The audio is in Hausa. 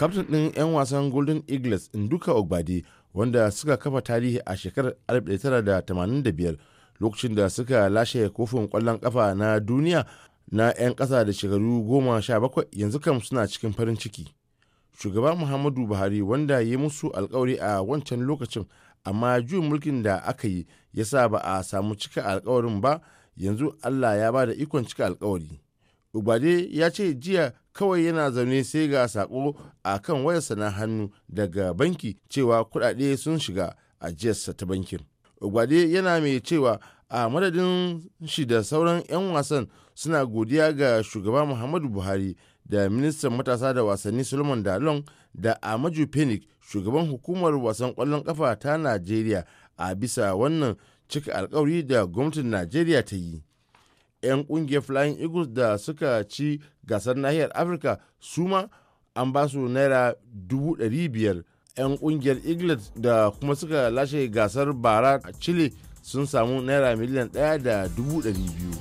kaftin ɗin 'yan wasan golden eagles nduka ogbade wanda suka kafa tarihi a shekarar 1985 lokacin da suka lashe kofin kwallon kafa na duniya na 'yan ƙasa da shekaru 17 yanzu kam suna cikin farin ciki shugaba muhammadu buhari wanda ya yi musu alkawari a wancan lokacin amma juyin mulkin da aka yi ya sa ba a samu cika alkawarin ba yanzu allah ya ba da ikon cika alkawari Ubade ya ce jiya kawai yana zaune sai ga sako a kan wayarsa na hannu daga banki cewa kudade sun shiga ajiyarsa ta bankin. Ubade yana mai cewa a madadin shi da sauran 'yan wasan suna godiya ga shugaba Muhammadu Buhari da ministan matasa da wasanni Solomon Dalon da Amaju Phoenix shugaban hukumar wasan kwallon kafa ta Najeriya a bisa wannan cika alkawari da gwamnatin Najeriya ta yi. 'yan kungiyar flying eagles da suka ci gasar nahiyar afirka su ma an ba su naira 500 'yan kungiyar england da kuma suka lashe gasar bara a chile sun samu naira miliyan 1,200